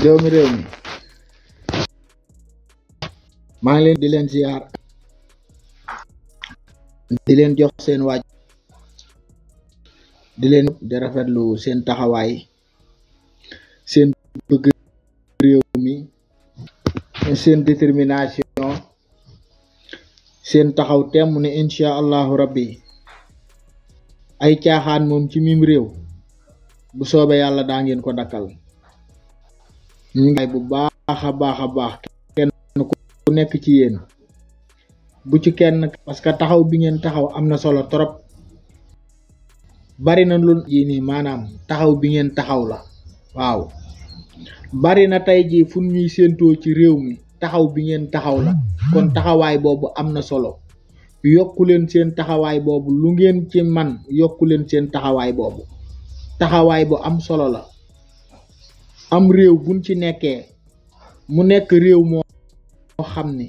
doomi rew mi maa ngi leen di leen ziar di leen jox seen waaj di leen di rafetlu seen taxawaay seen bëgg réew mi seen détermination seen taxaw temm ne incha allahu rabbi ay caaxaan moom ci mim réew bu soobe yàlla daa ngeen ko dakkal ñi ngay bu baaxa baaxa baax kenn ku nekk ci yéen bu ci kenn parce que taxaw bi ngeen taxaw am na solo trop bari na lu yi ni maanaam taxaw bi ngeen taxaw la waaw bari na tey ji fu ñuy séentoo ci réew mi taxaw bi ngeen taxaw la kon taxawaay boobu am na solo yokku leen seen taxawaay boobu lu ngeen ci man yokku leen seen taxawaay boobu taxawaay bu am solo la am réew buñ ci nekkee mu nekk réew moo xam ni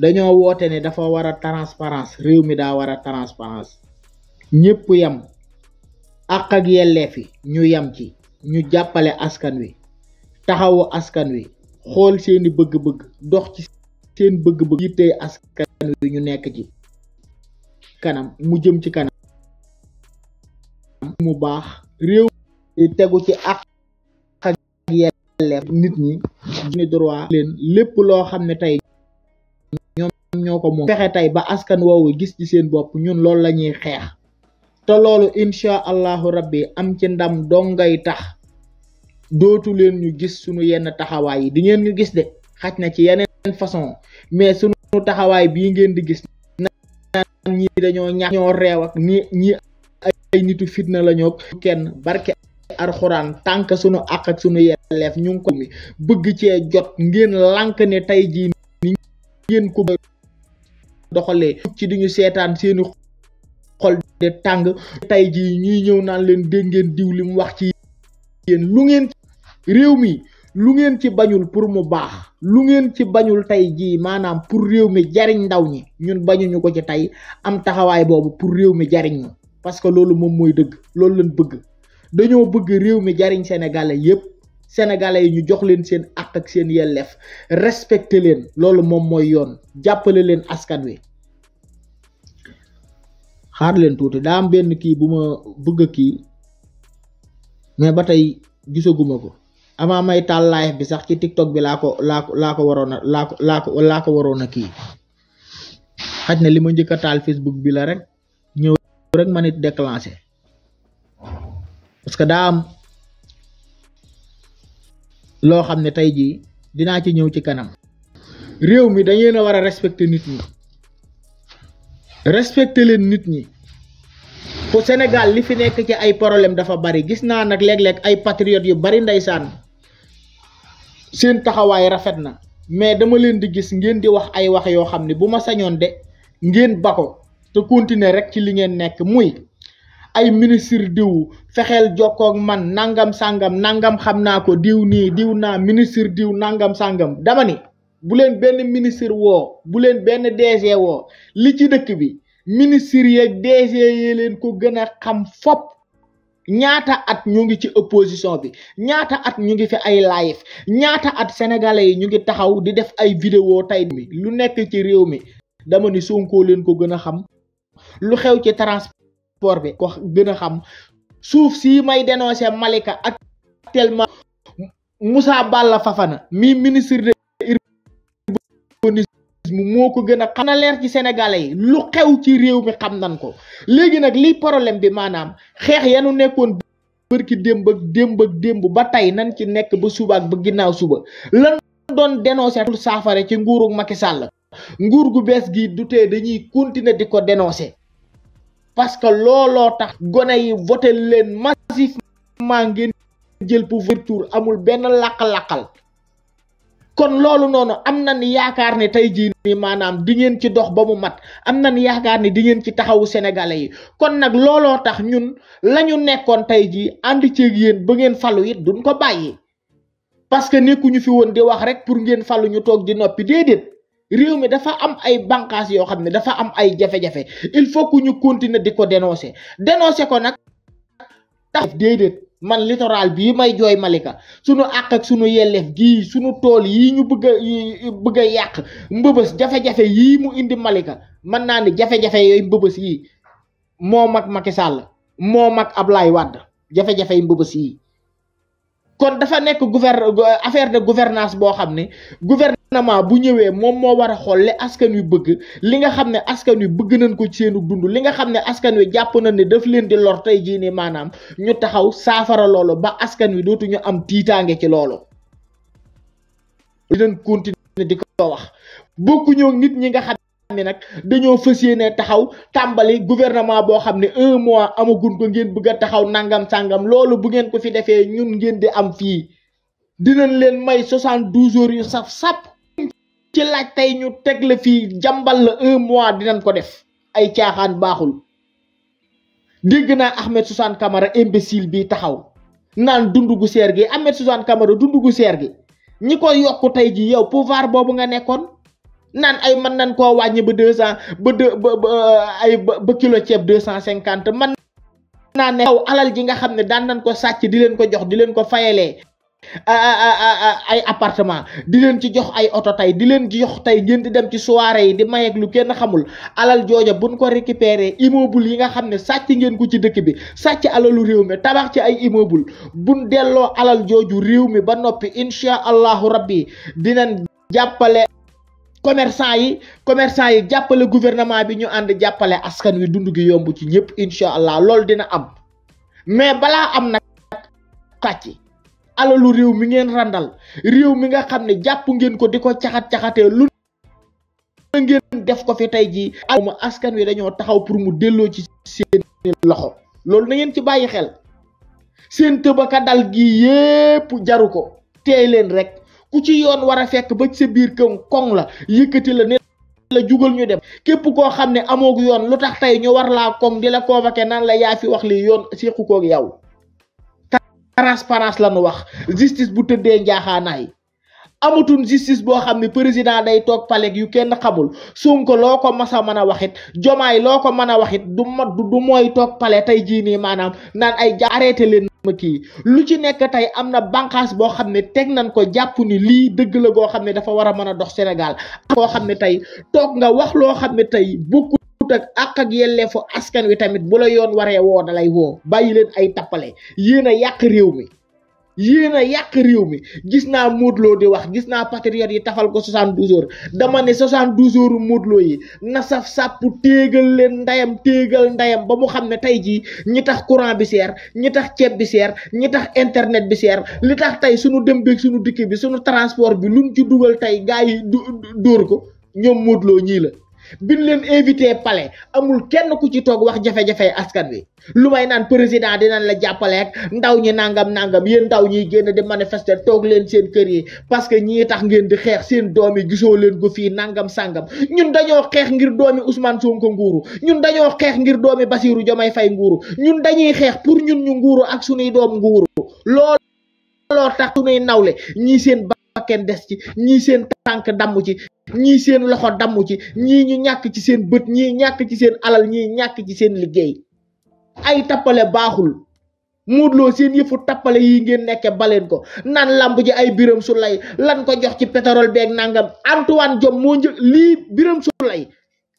dañoo woote ne dafa war a transparence réew mi daa war a transparence ñépp yam ak ak yelleef fi ñu yam ci ñu jàppale askan wi taxawu askan wi xool seeni bëgg-bëgg dox ci seen bëgg-bëgg yittee askan wi ñu nekk ci kanam mu jëm ci kanam mu baax réew tegu ci ak leer nit ñi ni droit leen lépp loo xam ne tey ñoom ñoo ko moom fexe tey ba askan woowu gis ci seen bopp ñun loolu la ñuy xeex te loolu insha allahu rabbi am ci ndam dongay tax dootu leen ñu gis sunu yenn taxawaay yi di ngeen ñu gis de xaj na ci yeneen façon mais sunu taxawaay bii ngeen di gis naan ñi dañoo ñaax ñoo reew ak ay nitu fitna la ñoo kenn barke arxuraan tànk sunu àq ak sunu yelleef ñu ngi ko bëgg cee jot ngeen lànk ne tey jii ni ngeen ko ci di seetaan seeni xol de tàng tey jii ñuy ñëw naan leen dégg ngeen diw li mu wax ci yéen lu ngeen réew mi lu ngeen ci bañul pour mu baax lu ngeen ci bañul tey jii maanaam pour réew mi jariñ ndaw ñi ñun bañuñu ko ci tey am taxawaay boobu pour réew mi jariñ ñu parce que loolu moom mooy dëgg loolu lañ bëgg dañoo bëgg réew mi jariñ sénégalais yépp sénégalais yi ñu jox leen seen ak ak seen yellef respecté leen loolu moom mooy yoon jàppale leen askan wi xaar leen tuuti daa am benn kii bu ma bëgg kii mais ba tey gisaguma ko avant may live bi sax ci tiktok bi laa ko laa ko laa ko waroon a laa ko laa ko laa ko waroon a kii xaj na li ma njëkk a taal facebook bi la rek ñëw rek ma nit parce que daa am loo xam ne tey jii dinaa ci ñëw ci kanam réew mi dañu leen a war a respecter nit ñi respecter leen nit ñi pour Sénégal li fi nekk ci ay problème dafa bari gis naa nag léeg-léeg ay patriotes yu bari ndeysaan seen taxawaay rafet na mais dama leen di gis ngeen di wax ay wax yoo xam ne bu ma sañoon de ngeen ba ko te continuer rek ci li ngeen nekk muy ay ministre diw fexeel jokkoog man nangam sàngam nangam xam naa ko diw nii diw naa ministre diw nangam sangam dama ni bu leen benn ministre woo bu leen benn DG woo li ci dëkk bi ministre yeeg DG yee leen ko gën a xam fop ñaata at ñu ngi ci opposition bi ñaata at ñu ngi fi ay live ñaata at sénégalais yi ñu ngi taxaw di def ay vidéo tey mi lu nekk ci réew mi dama ni Sonko leen ko gën a xam lu xew ci trans port bi ko gën a xam suuf si may dénoncer Malika ak actuellement Moussa Balla Fafana mi ministre de urbanisme moo ko gën a xam na leer ci sénégalais yi lu xew ci réew mi xam nan ko léegi nag liy problème bi maanaam xeex yanu nekkoon bërki démb ak démb ak démb ba tey nan ci nekk ba suba ak ba ginnaaw suba lan doon dénoncer saafara ci nguuru Macky Sall nguur gu bees gi du tee dañuy continuer di ko dénoncer parce que lolo tax goné yi voté leen massivement ngeen jël pouvoir tour amul ben laka lakal kon lolu nono amna ni yaakar ni tay ji ni manam di ngeen ci dox ba mu mat amna ni yaakar ne di ngeen ci taxawu sénégalais yi kon nak lolo tax ñun lañu tay ji and ci ak yeen ba ngeen fallu it duñ ko bayyi parce que nekkuñu fi won di wax rek pour ngeen fallu ñu tok di nopi dedet réew mi dafa am ay bànqaas yoo xam ne dafa am ay jafe-jafe il faut que ñu continuer di ko dénoncer dénoncer ko nag tax déedéet man littoral bii may jooy Malika sunu àq ak sunu yelleef gii sunu tool yi ñu bëgg a bëgg a yàq mbëbës jafe-jafe yii mu indi Malika mën naa ni jafe-jafe yooyu mbëbës yii moo mag Macky moo mag ab lay jafe-jafe yi mbëbës yii kon dafa nekk gouver affaire de gouvernance boo xam ne gouvernement bu ñëwee moom moo war a xool li askan wi bëgg li nga xam ne askan wi bëgg nañ ko ci seenu dund li nga xam ne askan wi jàpp nañ ne daf leen di lor tey jii nii maanaam ñu taxaw saafara loolu ba askan wi dootuñu am tiitaange ci loolu dinañ continuer di ko wax bokkuñoo nit ñi nga xam ne nag dañoo fas yéene taxaw tàmbali gouvernement boo xam ne un mois amagun ko ngeen bëgg taxaw nangam sàngam loolu bu ngeen ko fi defee ñun ngeen di am fii dinañ leen may soixante douze heures yu saf-sap ci laaj tay ñu teg la fi jambal la 1 mois dinañ ko def ay tiaxan baxul deg na Ahmed Susan Kamara imbécile bi taxaw Sergei dund gu Ahmed Susan Kamara Dundugu gu seer ñi ko ji yow pouvoir bobu nga nekkon nan ay man nan ko wañi ba 200 ba ay ba kilo ciep 250 man na ne alal gi nga xamne dan nan ko sacc di len ko jox di len ko fayele ay appartement di leen ci jox ay oto tey di leen ci jox tey ngeen di dem ci soirée yi di mayeeg lu kenn xamul alal jooja bu buñ ko récupérer immeuble yi nga xam ne sàcc ngeen ko ci dëkk bi sàcc alalu réew mi tabax ci ay immeuble buñ delloo alal jooju réew mi ba noppi incha allahu rabbi dinañ jàppale commerçant yi commerçant yi jàppale gouvernement bi ñu ànd jàppale askan wi dund gi yomb ci ñëpp incha allah lool dina am mais balaa am nag tàcc alalu réew mi ngeen randal réew mi nga xam ne jàpp ngeen ko di ko caxat-caxatee lu ngeen def ko fi tey jii ma askan wi dañoo taxaw pour mu delloo ci seeni loxo loolu na ngeen ci bàyyi xel seen tëbaka dal gi yépp jaru ko teey leen rek ku ci yoon war a fekk ba sa biir kën koŋ la yëkkati la ne la jugal ñu dem képp koo xam ne amoog yoon lu tax tey ñu war laa koŋ di la convoqué naan la yaa fi wax lii yoon séqu koog yow transparence la ñu wax justice bu tëddee njaaxaanaay amatun justice boo xam ne président day toog paleg yu kenn xamul Sonko loo ko mas a mën a waxit jomaay loo ko mën a waxit du ma du mooy toog pale tey jii nii maanaam naan ay ja arrêté leen ma kii lu ci nekk tey am na bànqaas boo xam ne teg nañ ko jàpp ni lii dëgg la goo xam ne dafa war a mën a dox Sénégal boo xam ne tey toog nga wax loo xam ne tey bokk bokkut ak àq ak askan wi tamit bu la yoon waree woo dalay woo bàyyi leen ay tappale yéen a yàq réew mi yéen a yàq mi gis naa mootloo di wax gis naa patriote yi tafal ko soixante-douze heures dama ne soixante-douze heures mootloo yi na saf sàpp téegal leen ndayam téegal ndayam ba mu xam ne tey jii ñi tax courant bi seer ñi tax ceeb bi seer ñi tax internet bi seer li tax tey suñu dem beeg suñu dikk bi suñu transport bi luñ ci dugal tey gaa yi dóor ko ñoom Modou ñii biñ leen invité pale amul kenn ku ci toog wax jafe-jafe askan wi lu may naan président dinañ la jàppale ak ndaw ñi nangam nangam yéen ndaw ñiy génn di manifester toog leen seen kër yi parce que ñii tax ngeen di xeex seen doom yi gisoo leen ko fii nangam sàngam ñun dañoo xeex ngir doomi Ousmane Sonko nguuru ñun dañoo xeex ngir doomi Basirou jamay fay nguuru ñun dañuy xeex pour ñun ñu nguuru ak suñuy doom nguuru loolu looloo tax suñuy nawle ñii seen bakken des ci ñii seen tànk damm ci ñi seen loxo damu ci ñi ñu ñàkk ci seen bët ñi ñàkk ci seen alal ñi ñàkk ci seen liggéey ay tapale baaxul mudlo seen yëfu tapale yi ngeen nekke baleen ko nan lamb ji ay biram su lay lan ko jox ci pétrole beeg nangam antoine jom moo li lii biram su lay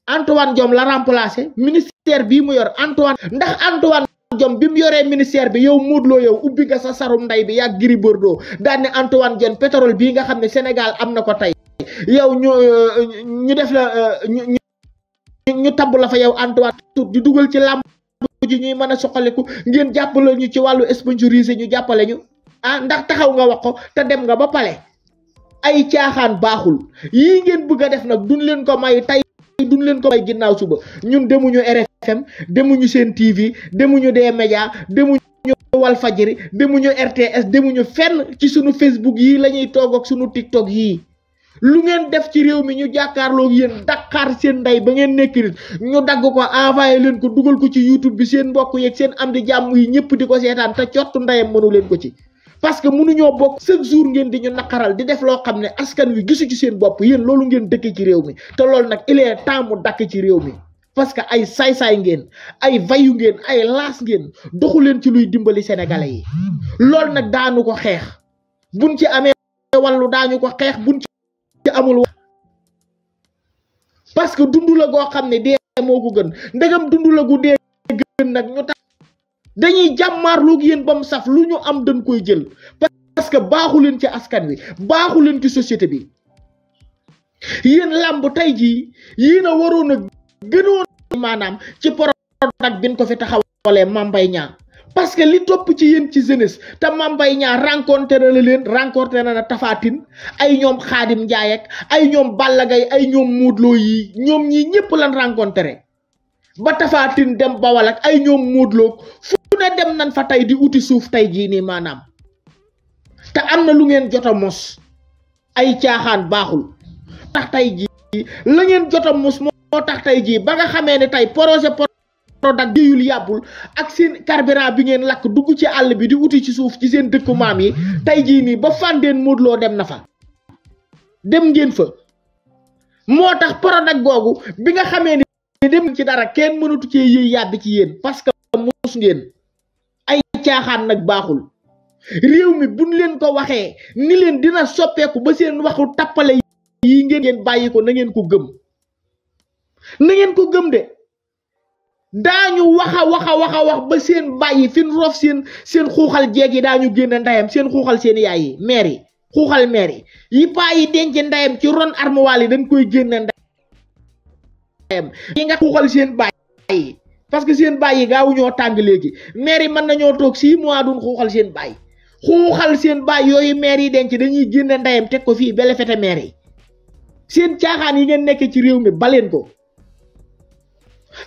antoine jom la remplacé ministère bi mu yor antoine ndax antoine jom bim yoré ministère bi yow modlo yow ubbi nga sa sarum nday bi yak giri bordeaux Dan ne antoine jom pétrole bi nga xam ne sénégal am na ko tey yow ñu euh, ñu def la euh, ñu ñu tabb la fa yow Antoine Tour di dugal ci làmb ji ñuy mën a soxaliku ngeen jàppale ñu ci wàllu sponsorisé ñu jàppale ñu ah ndax taxaw nga wax ko te dem nga ba pale ay caaxaan baaxul yii ngeen bëgg a def nag duñ leen ko may tey duñ leen ko may ginnaaw suba ñun demuñu RFM demuñu ya TV demuñu des médias demuñu Walfadjri demuñu RTS demuñu fenn ci sunu Facebook yii la ñuy toog sunu TikTok yii lu ngeen def ci réew mi ñu jàkkaarloog yéen Dakar seen ndey ba ngeen nekk nit ñu dagg ko envoyé leen ko dugal ko ci YouTube bi seen mbokk yeeg seen am di jàmm yi ñëpp di ko seetaan te cottu ndeyam mënu leen ko ci. parce mënuñoo bokk chaque jour ngeen di ñu naqaral di def loo xam ne askan wi gisu ci seen bopp yéen loolu ngeen dëkk ci réew mi te loolu nag il est temps mu dakk ci réew mi. parce que ay saay-saay ngeen ay vayu ngeen ay laas ngeen doxu leen ci luy dimbali sénégalais yi loolu nag daanu ko xeex buñ ci amee wàllu amul parce que dund la goo xam ne dee ko gën ndegam dund la gu dé gën nak ñu tax dañuy jamar lu bam saf lu ñu am dañ koy jël parce que baxu leen ci askan wi baxu leen ci société bi yeen lamb tay ji yéen a gënoon manam ci bin ko fi taxawale mambay ñaan parce que li top ci yeen ci jeunesse ta bay ñaa rencontrer na leen rencontrer na tafatine ay ñom khadim ndiaye ak ay ñom ballagay ay ñom modlo yi ñom ñi ñepp lan rencontrer ba tafatine dem bawal ak ay ñom modlo fu ne dem nan fa tay di outil souf tay ji ni manam ta amna lu ngeen jotta mos ay tiaxan baxul tax tay ji la ngeen jotta mos mo tax tay ji ba nga xamé ne tay projet dagg déyul yàbbul ak seen carburant bi ngeen lakk dugg ci àll bi di wuti ci suuf ci seen dëkku maam yi tey jii nii ba fàndeen Modou dem na fa dem ngeen fa moo tax Prodac googu bi nga xamee ni dem ci dara kenn mënatu cee yëy yàbbi ci yéen parce que mos ngeen ay caaxaan nag baaxul réew mi buñ leen ko waxee ni leen dina soppeeku ba seen waxu tappale yi ngeen ngeen bàyyi ko na ngeen ko gëm na ngeen ko gëm de daañu wax a wax a ba seen bàyyi fin rof seen seen xuuxal jeeg yi daañu génn ndayam seen xuuxal seen yaay yi maire yi xuuxal maire yi yi paa yi denc ndayam ci ron armoire yi dañ koy génn ndayam yi nga xuuxal seen bàyyi parce que seen bàyyi gaawu ñoo tàng léegi maire yi mën nañoo toog mois duñ xuuxal seen bàyyi xuuxal seen bàyyi yooyu maire yi denc dañuy génn ndeyam teg ko fii bele fete yi seen caaxaan yi ngeen nekk ci réew mi baleen ko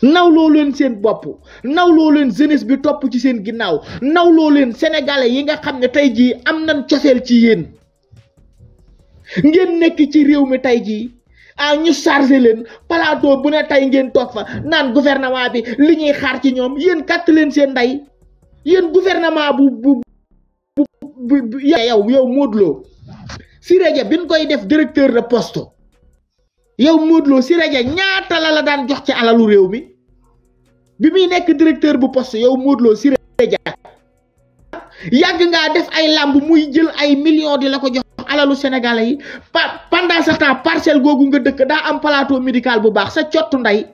nawloo leen seen bopp nawloo leen jeunesse bi topp ci seen ginnaaw nawloo leen sénégalais yi nga xam ne tey jii am nañ cofeel ci yéen ngeen nekk ci réew mi tey jii ah ñu chargé leen plateau bu ne tey ngeen toog fa naan gouvernement bi li ñuy xaar ci ñoom yéen kàtt leen seen ndey yéen gouvernement bu bu bu bu yow yow Modou Lo Siré Dia bi ñu koy def directeur de poste. yow modlo Lo si rajo ñaata la la daan jox ci alalu réew mi bi mi nekk directeur bu poste yow modlo si rajo yag nga def ay lambu muy jël ay millions di la ko jox alalu sénégalais yi pendant sa temps parcel googu nga dëkk da am plateau médical bu baax sa ciottu nday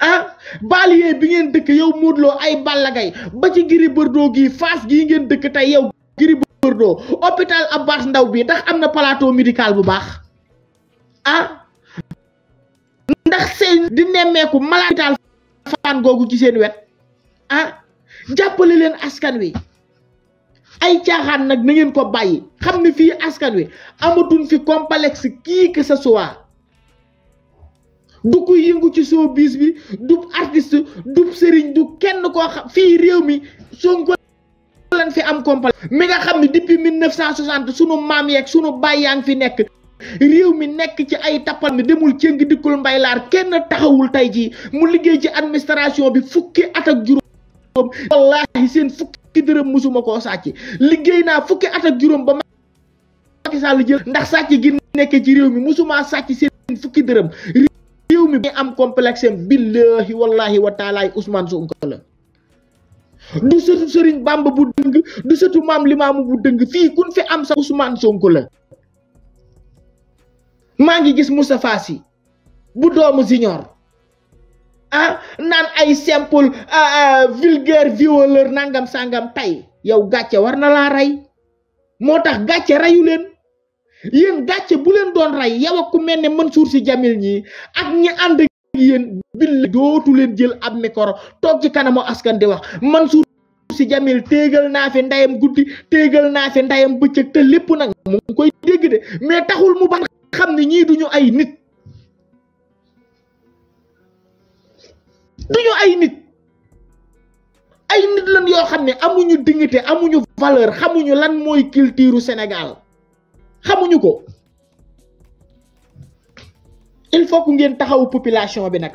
ah balier bi ngeen dëkk yow modlo Lo ay ballagay ba ci giri Bordeaux gi Fass gi ngeen dëkk tay yow giri Bordeaux hôpital Abbas ndaw bi tax amna plateau médical bu baax ah ndax seen di nemmeeku malaatal fan googu ci seen wet ah jàppale leen askan wi ay caaxaan nag na ngeen ko bàyyi xam ne fii askan wi amatuñ fi complexe kii que ce soit du ko yëngu ci biis bi du artiste du sëriñ du kenn koo xam fii réew mi Sonko lan fi am complexe mi nga xam ne depuis mille neuf cent soixante sunu maam yeeg sunu baay yaa ngi fi nekk réew mi nek ci ay tapal mi demul cëng dikkul mbay laar kenn taxawul tay ji mu liggey ci administration bi fukki at ak juroom wallahi seen fukki deureum musuma ko sàcc liggey na fukki at ak juroom ba Macky Sall jël ndax sàcc gi nek ci réew mi musuma sàcc seen fukki deureum réew mi be am complexe billahi wallahi wa Usman Ousmane Sonko la du seutu Serigne Bamba bu deung du seutu mam limaamu bu deung fi kun fi am sa Ousmane Sonko la maa ngi gis Moussa Fassi bu doomu junior ah naan ay simple ah, ah, vulgaire violeur nangam sangam tay yow gàcce warna na laa rey moo tax gàcce reyu leen yéen gàcce bu leen doon rey yow ak ku mel ne Mansour Sy jamil ñi ak ñi ànd ak yéen bill dootu leen jël ab micro toog ci kanamu askan di wax Mansour Sy jamil téegal naa fi ndayam guddi téegal naa fi ndayam bëccëg te lépp nag mu ngi koy dégg de mais taxul mu ban xam ne ñii duñu ay nit duñu ay nit ay nit lan yoo xam ne amuñu dignité amuñu valeur xamuñu lan mooy culture Sénégal xamuñu ko il faut que ngeen taxaw population bi nag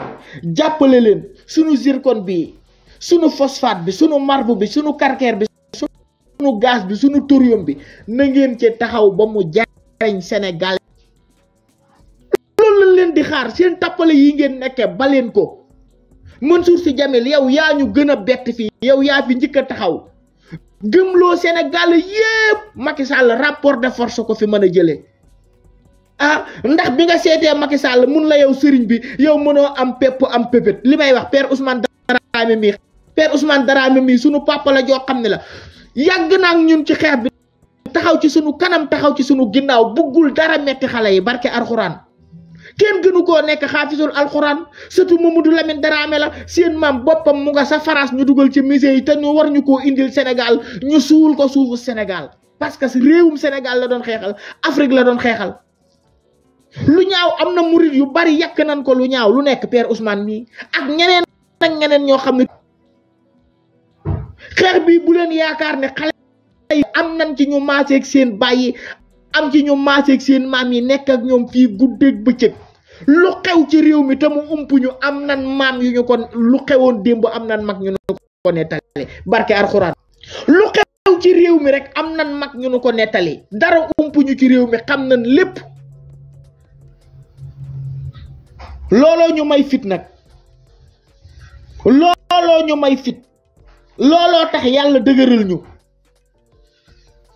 jàppale leen sunu zircon bi sunu phosphate bi sunu marbre bi sunu calcaire bi sunu gaz bi sunu thorium bi na ngeen ci taxaw ba mu jariñ Sénégal xaar seen tappale yi ngeen nekkee baleen ko Mansour Sy Djamil yow yaa ñu gën a bett yow yaa fi njëkk a taxaw gëmloo Sénégal yépp Macky Sall rapport de force ko fi mën a jëlee ah ndax bi nga seetee Macky Sall mun la yow sëriñ bi yow mënoo am pepp am pépét li may wax père Ousmane Darame mi père Ousmane Darame mi sunu papa la joo xam ne la yàgg naa ñun ci xeex bi taxaw ci sunu kanam taxaw ci sunu ginnaaw buggul dara metti xale yi barke arxuraan kenn gënu koo nekk xaafisul alxuraan surtout Mamadou Lamine Daraame la seen maam boppam mu nga sa France ñu dugal ci musée yi te ñu war ñu koo indil Sénégal ñu suul ko suufu Sénégal parce que réewum Sénégal la doon xeexal Afrique la doon xeexal. lu ñaaw am na murit yu bari yàq nañ ko lu ñaaw lu nekk per Ousmane mii ak ñeneen ak ñeneen ñoo xam ne xeex bi bu leen yaakaar ni xale am nañ ci ñu maaseeg seen bàyyi am ci ñu maaseeg seen maam yi nekk ak ñoom fii guddeeg bëccëg lu xew ci réew mi te mu ump ñu am nan maam yu ñu kon lu xewoon démb am na mag ñu nu ko nettali barke alxuraan lu xew ci réew mi rek am na mag ñu nu ko nettali dara ump ñu ci réew mi xam na lépp looloo ñu may fit nag looloo ñu may fit looloo tax yàlla dëgëral ñu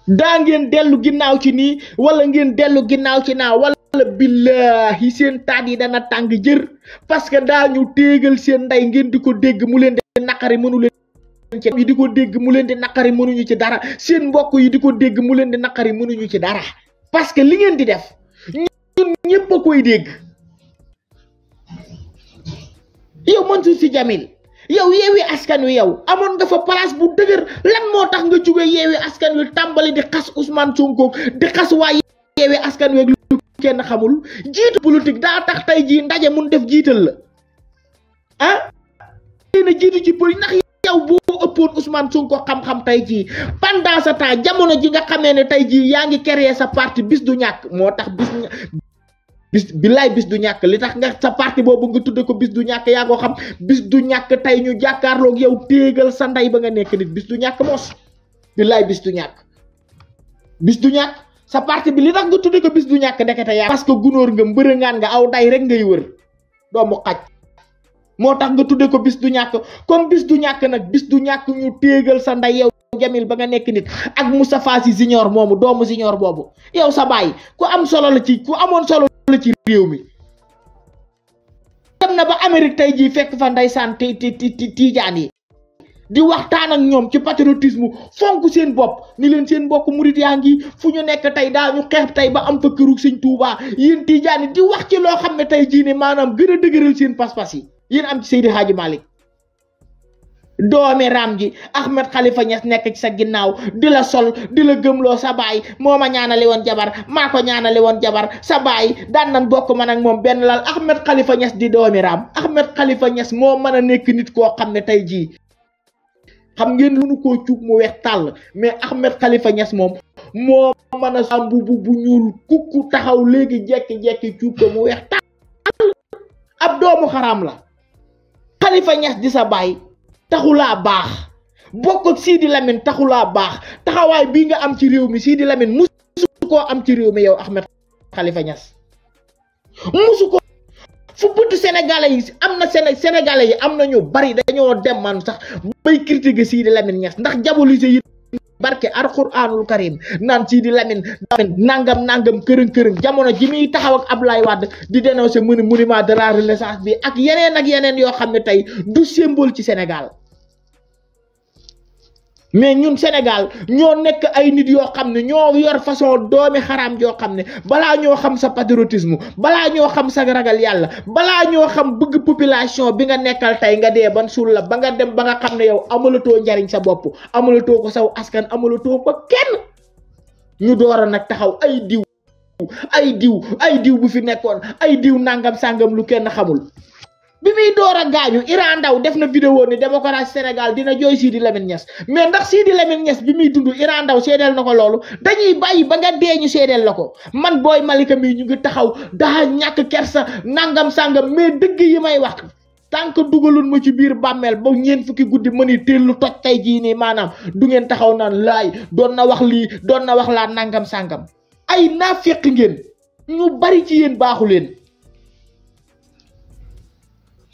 da ngeen delu ginnaw ci ni wala ngeen delu ginnaw ci na wala billahi seen tadi dana tang jeur parce que daa ñu téegal seen nday ngeen diko ko dégg mu leen di naqari mënu leen ci diko ko dégg mu leen di naqari ñu ci dara seen mbokk yi di dégg mu leen di naqari ñu ci dara parce que li ngeen di def ñun ñepp a koy dégg yow Mansour ci jamil yow yewi askan wi yow amon nga fa place bu deuguer lan motax nga jugge yewi askan wi tambali di khas Ousmane Sonko di khas way yewi askan wi lu kenn xamul jitu politique da tax tay ji ndaje mu def jital la ah dina jitu ci politique nak yow bo ëppoon Ousmane Sonko xam-xam tay ji pendant sa temps jamono ji nga xamene tay ji yaangi créer sa parti bis du ñak motax bis bis bilay bis du ñak li tax nga sa parti boobu nga tudde ko bis du ñak ya ko xam bis du ñak tay ñu ak yow teegal sa nday ba nga nek nit bis du ñak mos bilay bis du ñak bis du ñak sa parti bi li tax nga tudde ko bis du ñak dekete ya parce que gunóor nga mbërëngaan nga aw day rek ngay wër mu xaj motax nga tudde ko bis du ñak comme bis du ñak nak bis du ñak ñu teegal sa nday yow jamil ba nga nek nit ak Moustapha Sy junior momu doomu junior bobu yow sa bay ku am solo la ci ku amone solo la ci réew mi dem na ba Amérique tey jii fekk fa ndeysaan ti ti ti tiijaan yi di waxtaan ak ñoom ci patriotisme fonk seen bopp ni leen seen mbokk murit yaa ngi fu ñu nekk tey daa ñu xeex tey ba am fa këru sëñ Tuubaa yéen tiijaan yi di wax ci loo xam ne tey jii ne maanaam gën a dëgëral seen pas-pas yi yéen am ci Seydi Hadji Malick doomi ram ji Ahmed Khalifa ñes nek ci sa ginnaw dila sol dila gemlo sa bay moma ma ñaanali jabar mako ko ñaanali jabar sa bay dan nan bokku man ak mom ben lal Ahmed Khalifa ñes di doomi ram Ahmed Khalifa ñes mo meuna nek nit ko xamne tay ji xam ngeen lu nu koo mu wex tal mais Ahmed Khalifa ñes mom mo meuna sambu bu bu ñuul kuku taxaw legi jekki-jekki cuub ko mu wex tal ab doomu kharam la Khalifa ñes di sa bay taxulaa baax bokk ak Sidi Lamine taxulaa baax taxawaay bii nga am ci réew mi sii Sidi Lamine musu koo am ci réew mi yow Ahmed xalifa Niass musu ko fu bëtt Sénégalais yi am na Sénégalais yi am na ñu bari dañoo dem man sax bay critiquer Sidi Lamine Niass ndax diaboliser yi barke alxuraanul karim naan sii di lamin nangam nangam kër kër jamono ji muy taxaw ak Abdoulaye Wade di dénoncer monument de la renaissance bi ak yeneen ak yeneen yoo xam ne tey du symbole ci Sénégal mais ñun Sénégal ñoo nekk ay nit yoo xam ne ñoo yor façon doomi xaraam yoo xam ne balaa ñoo xam sa patriotisme balaa ñoo xam sa ragal yàlla balaa ñoo xam bëgg population bi nga nekkal tey nga dee ban suul la ba nga dem ba nga xam ne yow amalatoo njariñ sa bopp amalatoo ko saw askan amalatoo ko kenn ñu door a nag taxaw ay diw ay diw ay diw bu fi nekkoon ay diw nàngam sàngam lu kenn xamul bi muy door a gaañu Iran Ndaw def na vidéo ni démocratie Sénégal dina jooy Sidi Lamine Niass mais ndax Sidi Lamine Niass bi muy dund Iran Ndaw seedeel na ko loolu dañuy bàyyi ba nga dee ñu seedeel la ko man booy Malika mii ñu ngi taxaw daa ñàkk kersa nangam sàngam mais dëgg yi may wax tant que dugalun ma ci biir bàmmeel ba ñeen fukki guddi ma ni teel lu toj tey jii nii maanaam du ngeen taxaw naan laay doon na wax lii doon na wax laa nangam sàngam ay naafiq ngeen ñu bari ci leen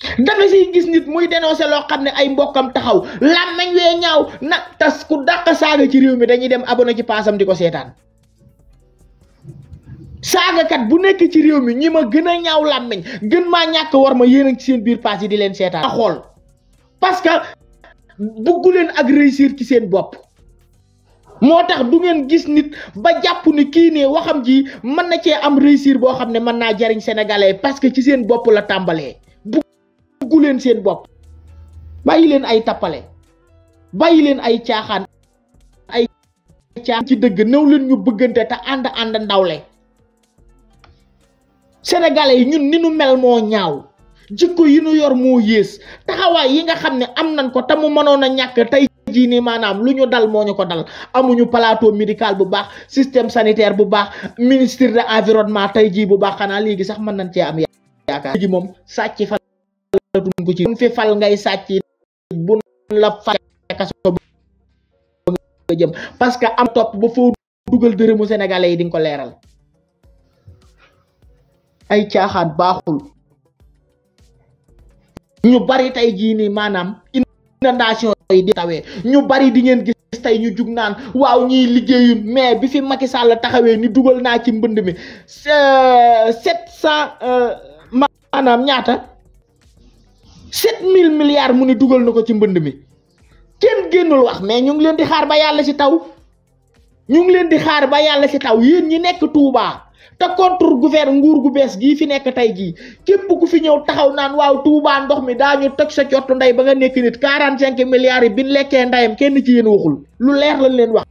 da nga gisnit gis nit muy dénoncé lo xamné ne ay mbokam taxaw làmmañ wé ñaaw na tas ku dakk saaga ci réew mi dañuy dem abonné ci passam di ko seetaan kat bu nekk ci réew mi ñi ma gën a ñaaw làmmiñ gën ma ñak war ma yéne ci seen biir pass yi di leen seetaan xool parce que buggu leen ak réussir ci seen bop motax du ngeen gis nit ba japp ni ki ne waxam ji man na ci am réussir bo xamné ne na jariñ sénégalais parce que ci seen bop la tambalé tëggu leen seen bopp bàyyi leen ay tappale bàyyi leen ay caaxaan ay caaxaan ci dëgg néew leen ñu bëggante te ànd ànd ndawle sénégalais yi ñun ni nu mel moo ñaaw jikko yi nu yor moo yées taxawaay yi nga xam ne am nañ ko te mu mënoon a ñàkk tey jii nii maanaam lu ñu dal moo ñu ko dal amuñu plateau médical bu baax système sanitaire bu baax ministre de environnement tey jii bu baax xanaa léegi sax mën nañ cee am yaakaar léegi moom sàcc fa bu ci fi fal ngay sàcc bu la fal kaso nga jëm parce que am topp ba foo dugal dërëmu sénégalais yi di nga ko leeral ay caaxaan baaxul ñu bari tey jii nii maanaam inondation yi di tawee ñu bari di ngeen gis tey ñu jug naan waaw ñiy liggéeyun mais bi fi Macky Sall taxawee ni dugal naa ci mbënd mi sept cent euh, maanaam ñaata sept mille milliards mu ne dugal na ko ci mbënd mi kenn génnul wax mais ñu ngi leen di xaar ba yàlla ci taw ñu ngi leen di xaar ba yàlla ci taw yéen ñi nekk Touba te contre gouverne nguur gu bees gii fi nekk tey jii képp ku fi ñëw taxaw naan waaw Touba ndox mi daañu toj sa cottu ndey ba nga nekk nit quarante cinq milliards yi bin lekkee ndeyam kenn ci yéen waxul lu leer lañ leen wax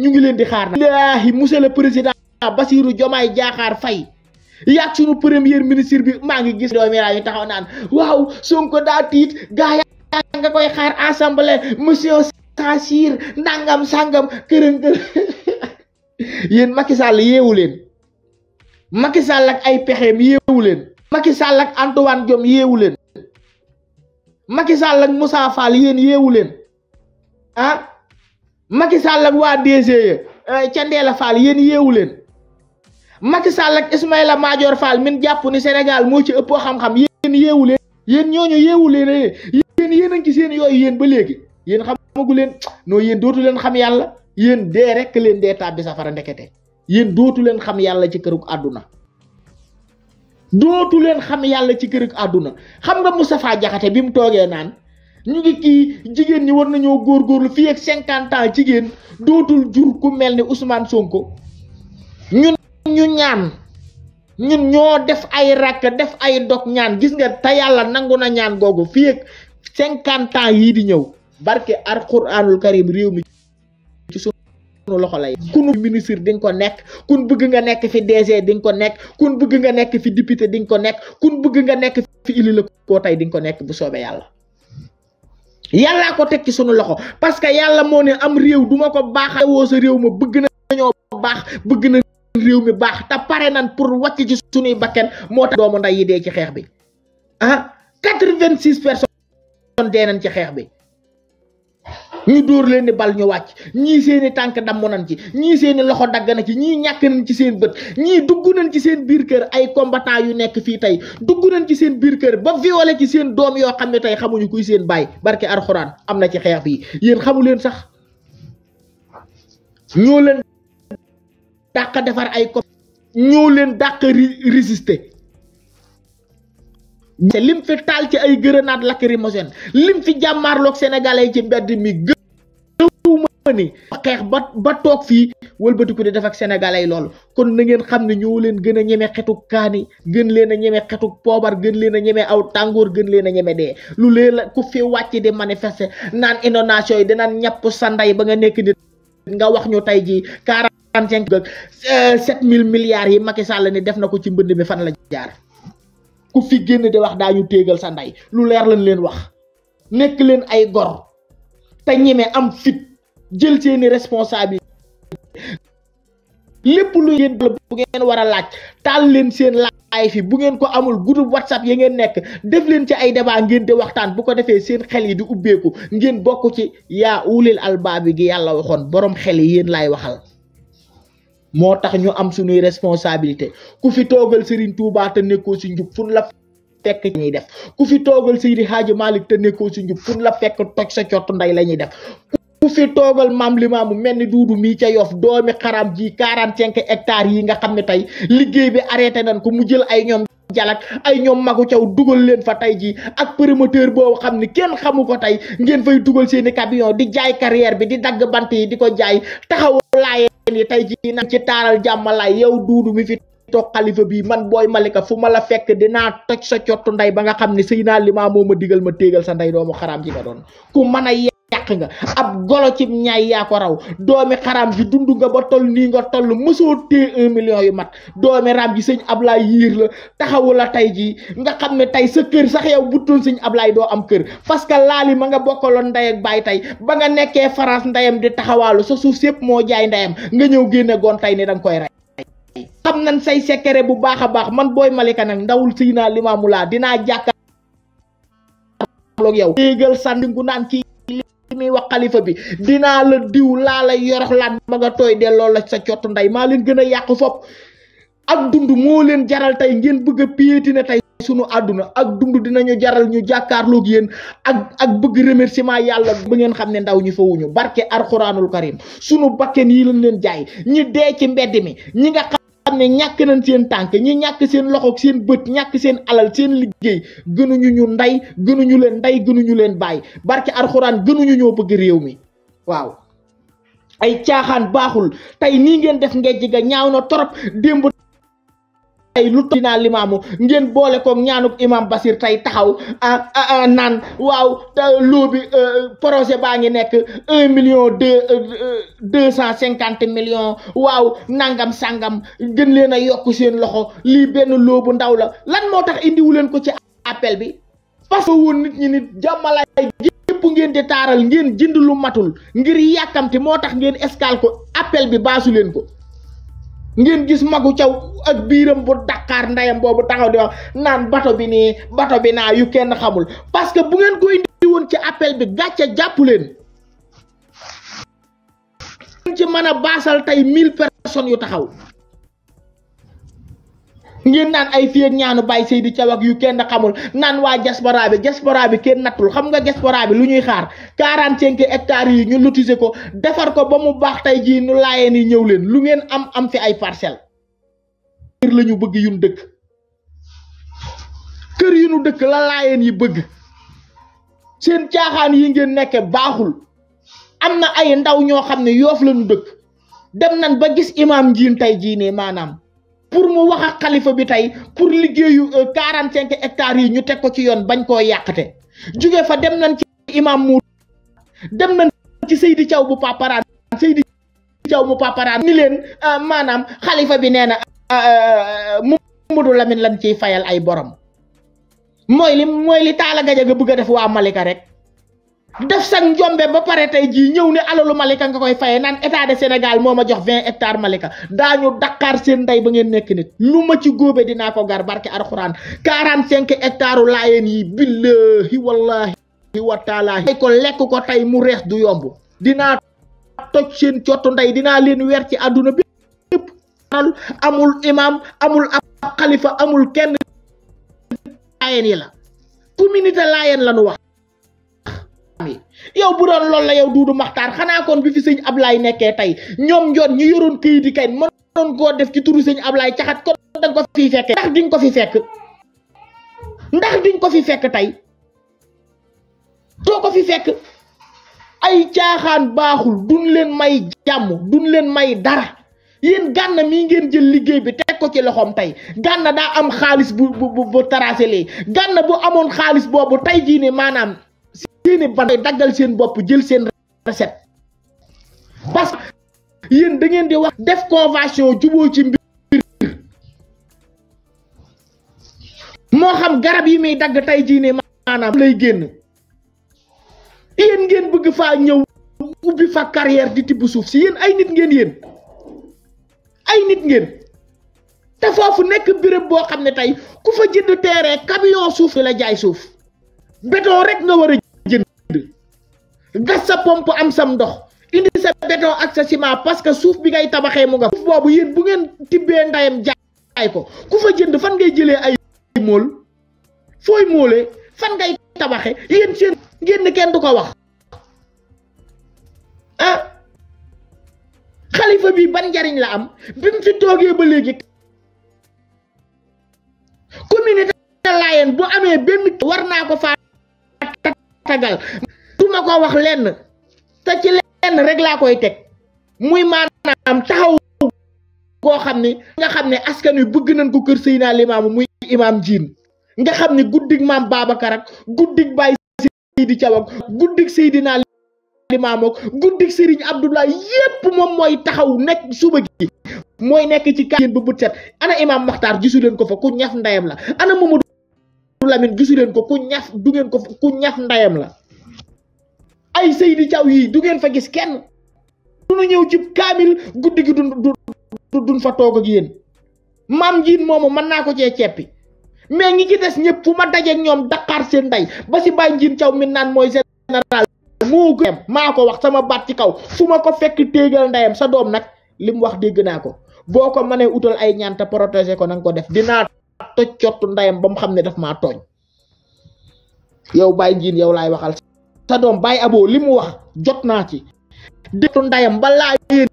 ñu ngi leen di xaar na ilaahi monsieur le président Bassirou jomaay Diakhar fay Ya, ci no premier ministre bi ma ngi gis doomi ray taxaw nan waw Sonko daa tiit gaa nga koy xaar assemblée monsieur Sassir nangam sangam keureng keur yeen Macky Sall yewulen Macky Sall ak ay pexem yewulen Macky Sall ak Antoine Diom yewulen Macky Sall ak Moussa Fall yeen yewulen ah Macky Sall ak wa DG e, eh, ci ndela Fall yeen yewulen Macky Sall ak Ismaïla Madior Fall min jàpp ni Sénégal moo ci ëppoo xam-xam yéen yeewu leen yéen ñooñu yeewu leen eh. yéen yéen a ci seen yooyu yéen ba léegi yéen xamagu leen non yéen dootu leen xam yàlla yéen dee rek leen dee tàbbi safara ndekete yéen dootu leen xam yàlla ci kërug àdduna leen xam yàlla ci kërug àdduna xam nga Moustapha Diakhaté bi mu toogee naan ñu ngi kii jigéen ñi war nañoo góorgóorlu fii ak cinquante ans jigéen dootul jur ku mel ni Ousmane Sonko ñun ñu ñaan ñun ñoo def ay rakk def ay dog ñaan gis nga te yàlla nangu na ñaan googu fii ak cinquante ans yii di ñëw barke alxuraanul karim réew mi ci sunu loxo lay kunu ministre di nga ko nekk kun bëgg nga nekk fi DG di nga ko nekk kun bëgg nga nekk fi député di nga ko nekk kun bëgg nga nekk fi ili la koo tey di nga ko nekk bu soobee yàlla yàllaa ko teg ci sunu loxo parce yàlla moo ne am réew duma ko baax woo sa réew ma bëgg na ñoo baax bëgg na réew mi baax te pare nan pour wàcc ci suñuy bakken moo tax doomu nday yi dee ci xeex bi ah quatre-vingt-six personnes dee nañ ci xeex bi ñu dóor leen ni bal ñu wàcc ñii seeni tànk damm nañ ci ñii seeni loxo dagg na ci ñii ñàkk nañ ci seen bët ñii dugg nañ ci seen biir kër ay combattant yu nekk fii tey dugg nañ ci seen biir kër ba violé ci seen doom yoo xam ne tey xamuñu kuy seen baay barke alxuraan am na ci xeex yi yéen xamu leen sax ñoo leen dàq defar ay ko ñoo leen dàq résister te lim fi taal ci ay grenade lacrymogène lim fi jàmmaarloog sénégalais yi ci mbedd mi gëwuma ni xeex ba ba toog fii wëlbatiku di def ak sénégalais yi loolu kon na ngeen xam ne ñoo leen gën a ñeme xetu kaani gën leen a ñeme xetu poobar gën leen a ñeme aw tàngoor gën leen a ñeme dee lu leen la ku fi wàcc di manifester naan inondation yi dinaan ñàpp sa ndey ba nga nekk nit nga wax ñu tey jii cinq euh, sept mille milliards yi Macky la ni def na ko ci mbënd bi fan la jaar ku fi génn di wax daañu téegal sa ndey lu leer lañ leen wax nekk leen ay gor te ñeme am fit jël seeni responsabilité lépp lu ngeen bu ngeen war a laaj taal leen seen laay fi bu ngeen ko amul groupe whatsapp ya ngeen nekk def leen ci ay débat ngeen di waxtaan bu ko defee seen xel yi di ubbeeku ngeen bokk ci yaa ulil albaabi gi yàlla waxoon borom xel yi yéen laay waxal moo tax ñu am suñuy responsabilité ku fi toogal Serigne Touba te nekkoo si njub fun la fekk ñuy def ku fi toogal Seydi Hadji Malick te nekkoo si njub fun la fekk toj sa cott ndey la ñuy def ku fi toogal maam limaamu mel ni duudu mii ca yof doomi xaram ji quarante cinq hectares yi nga xam ne tey liggéey bi arrêté nañ ko mu jël ay ñoom jalak ay ñoom magu caw dugal leen fa tey ji ak promoteur boo xam ne kenn xamu ko tey ngeen fay dugal seeni camion di jaay carrière bi di dagg bant yi di ko jaay taxaw laayeen ni tey ji nag ci taaral jàmmalaay yow duudu mi fi toog xalifa bi man booy malika fu ma la fekk dinaa toj sa cottu ndey ba nga xam ne sëy naa limaa moom ma digal ma téegal sa ndey doomu xaraam ji nga doon ku mën a yàq nga ab golo ci ñaay yaa ko raw doomi xaraam ji dund nga ba toll nii nga toll mësoo tee un million yu mat doomi raam ji sëñ Ablaay yiir la taxawu la tey jii nga xam ne tey sa kër sax yow buddoon sëñ Ablaay doo am kër parce que laali ma nga bokkaloon ndey ak baay tey ba nga nekkee France ndeyam di taxawaalu sa suuf sépp moo jaay ndeyam nga ñëw génne goon tey ne da nga koy rey xam nañ say secret bu baax a baax man booy malika nag ndawul si naa limaamu laa dinaa jàkkaarloog li muy wax xalifa bi dinaa la diw laa la yorox laan ma nga tooy delloo la sa cott ndey maa leen gën a yàqu fopp ak dund moo leen jaral tey ngeen bëgg a piétiner tey sunu àdduna ak dund dinañu jaral ñu jàkkaarloog yéen ak ak bëgg remerciement yàlla ba ngeen xam ne ndaw ñi fa wuñu barke alxuraanul karim sunu bakken yi lañ leen jaay ñi dee ci mbedd mi ñi nga xam ne ñàkk nañ seen tànk ñi ñàkk seen loxo seen bët ñàkk seen alal seen liggéey gënuñu ñu ndey ñu leen ndey gënuñu leen bàyyi barke alxuraan gënuñu ñoo bëgg réew mi waaw ay caaxaan baaxul tey nii ngeen def ngejj ga ñaaw na torop démb ay lu dina limamu ngeen boole ko ñaanuk imam basir tay taxaw nan waaw loobi euh, projet baangi nek 1 million 250 million waw nangam sangam gën leena yok seen loxo lii benn loobu ndaw la lan motax indi indiwu leen ko ci appel bi parce won nit ñi nit jamalay yépp ngeen di taral ngeen matul ngir yakamti motax ngeen escale ko appel bi baasu ko ngeen gis magu caw ak biiram bu daqaar ndeyam boobu taxaw di wax naan bato bi nii bato bi naa yu kenn xamul parce que bu ngeen koy indi woon ci appel bi gàcce jàpp leen ci mën a baasal tey mille personnes yu taxaw ngeen naan ay fii ñaanu Baye Seydi Thiaw ak yu kenn xamul naan waa diaspora bi diaspora bi kenn nattul xam nga diaspora bi lu ñuy xaar quarante cinq hectares yi ñu lotise ko defar ko ba mu baax tey jii nu laayeen yi ñëw leen lu ngeen am am fi ay parcelle kër la ñu bëgg yun dëkk kër yu nu dëkk la laayeen yi bëgg seen caaxaan yi ngeen nekke baaxul am na ay ndaw ñoo xam ne yoof la dëkk dem nan ba gis imaam njiin tey jii nii maanaam pour mu wax ak khalifa bi tay pour liggéeyu 45 euh, hectares yi ñu tek ko ci yoon bañ ko yakate jóge fa dem nañ ci imam mu dem nañ ci Seydi ciow bu paparan Seydi ciow mu paparan ni len euh, manam khalifa bi neena euh, mu mudu Lamine lan ci fayal ay borom moy li moy li taala ga bëgg def wa Malika rek def sa njombe ba pare tay ji ñew ne alalu malika nga koy fayé nan état de sénégal moma jox 20 hectares malika dañu dakar seen nday ba ngeen nek nit luma ci gobe dina ko gar barké alcorane 45 hectares yi billahi wallahi wa taala ko lek ko tay mu rex du yomb dina toj seen ciotu nday dina leen wer ci aduna bi amul imam amul khalifa amul kenn ayen yi la communauté laayeen la wax yow bu doon lool la yow Duudu Maxtaar xanaa koon bi fi sëñ Ablaay nekkee tey ñoom njoon ñu yoroon këyit yi kay mënoon koo def ci turu sëñ Ablaay caxat kon danga ko fi fekkee ndax diñ ko fi fekk ndax diñ ko fi fekk tey doo ko fi fekk ay caaxaan baaxul duñ leen may jàmm duñ leen may dara yéen gànna mi ngeen jël liggéey bi teg ko ci loxoom tey gànna daa am xaalis bu bu bu tracé lee gànna bu amoon xaalis boobu tey jii ne maanaam seen bande dagal seen bop jël seen recette parce que yéen da ngeen di wax def convention juboo ci mbir mo xam garab yi may dag tay ji ne manam lay genn yeen ngeen bëgg fa ñew ubi fa carrière di tibbu suuf si yeen ay nit ngeen yeen ay nit ngeen te fofu nek béréb bo xamne tay ku fa jënd terrain camion suuf la jaay suuf béton rek nga wara gas sa pompe am sam ndox indi sa béton ak sa ciment parce que souf bi ngay tabaxé mo nga bobu yeen bu ngeen tibé ndayam jaay ko ku fa jënd fan ngay jëlé ay mol foy molé fan ngay tabaxé yeen seen ngeen kenn du wax ah khalifa bi ban jariñ la am bim fi togué ba légui communauté laayeen bu amé ben warna ko fa tagal ma ko wax lenn te ci lenn rek laa koy teg muy maanaam taxaw goo xam ne nga xam ne askan wi bëgg nañ ko kër sëy Seydina Limaamu muy imaam jiin nga xam ne guddig maam Babacar ak guddig Baye Seydi Thiaw ak guddig Seydina Limaamu ak guddig Serigne Abdoulaye yépp moom mooy taxaw nekk suba gi mooy nekk ci kàddu ba bët set ana imaam Maxtaar gisu leen ko fa ku ñaf ndayam la ana Mamadou Lamine gisu leen ko ku ñaf du ngeen ko ku ñaf ndayam la ay Seydi caw yii du ngeen fa gis kenn dunu ñëw ci kaamil guddi gi du duñ fa toog ak yéen maam njiin moomu mën naa ko cee ceppi mais ngi ci des ñëpp fu ma dajeek ñoom daqaar seen ndey ba si bàyyi njiin caw mi naan mooy général moo gën maa ko wax sama baat ci kaw fu ma ko fekk téegal ndeyam sa doom nag li mu wax dégg naa ko boo ko mënee utal ay ñaan te ko nanga ko def dinaa toj cottu ndeyam ba mu xam ne daf maa tooñ yow bàyyi yow laay waxal sa doom bàyyi aboo li mu wax jot naa ci détu ndayam ba laa yéen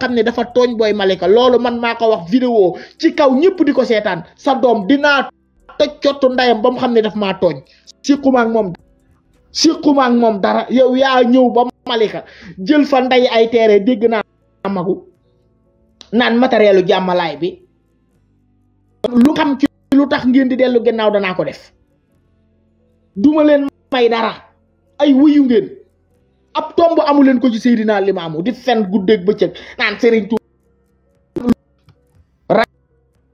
xam ne dafa tooñ booy malika loolu man maa ko wax video ci kaw ñëpp di ko seetaan sa doom dinaa toj cottu ndayam ba mu xam ne daf maa tooñ si xumaag moom dara yow yaa ñëw ba malika jël fa nday ay teere dégg naa magu naan matérielu jàmmalaay bi lu xam ci lu tax ngeen di dellu gannaaw danaa ko def duma leen may dara ay wuyu ngeen ab tomb amu leen ko ci Seydina Limaamu di fen guddeeg bëccëg naan Serigne Touba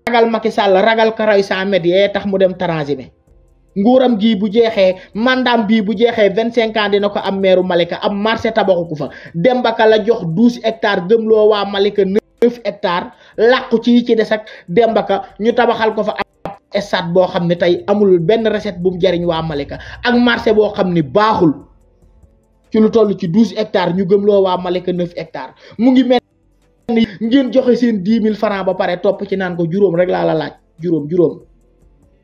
ragal Macky Sall ragal Karay Samed yee tax mu dem transhumé nguuram gi bu jeexee mandaam bii bu jeexee vingt cinquant dina ko am meeru Malika am marché tabaxu ko fa dembaka la jox douze hectares gëmloo waa Malika neuf hectares làqu ci ci des ak Demba ñu tabaxal ko fa. estat boo xam ne amul ben recette bu mu jariñ waa Malika ak marché boo xam ne baaxul ci lu toll ci 12 hectares ñu gëm loo waa Malika 9 hectares mu ngi mel ngeen joxe seen 10000 francs ba pare topp ci naan ko juróom rek laa la laaj juróom juróom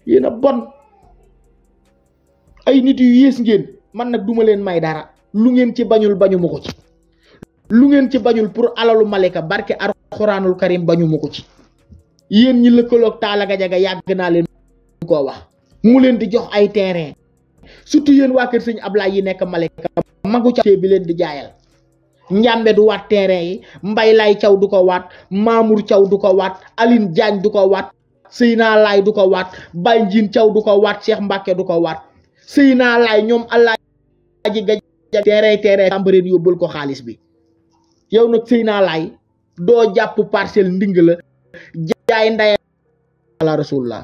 yéen bon ay nit yu yées ngeen man nag duma leen may dara lu ngeen ci bañul bañu ma ko ci lu ngeen ci bañul pour alalu Malika barke karim bañu ci yeen ñi taala ga jaga yag na leen ko wax mu leen di jox ay terrain surtout yéen wa keur seigne abla yi nek Malika magu ci bi leen di jaayal ñambe du wat terrain yi mbay lay caw du ko wat Mamour caw du ko wat Aline jagn du ko wat Seyna lay du ko wat bay caw du ko wat Cheikh Mbacke du ko wat Seyna allah ji ga Gadiaga terrain terrain Cambérène ko xaliss bi yow nak Seyna lay do japp parcel ndingla jaay ndey ala rasulullah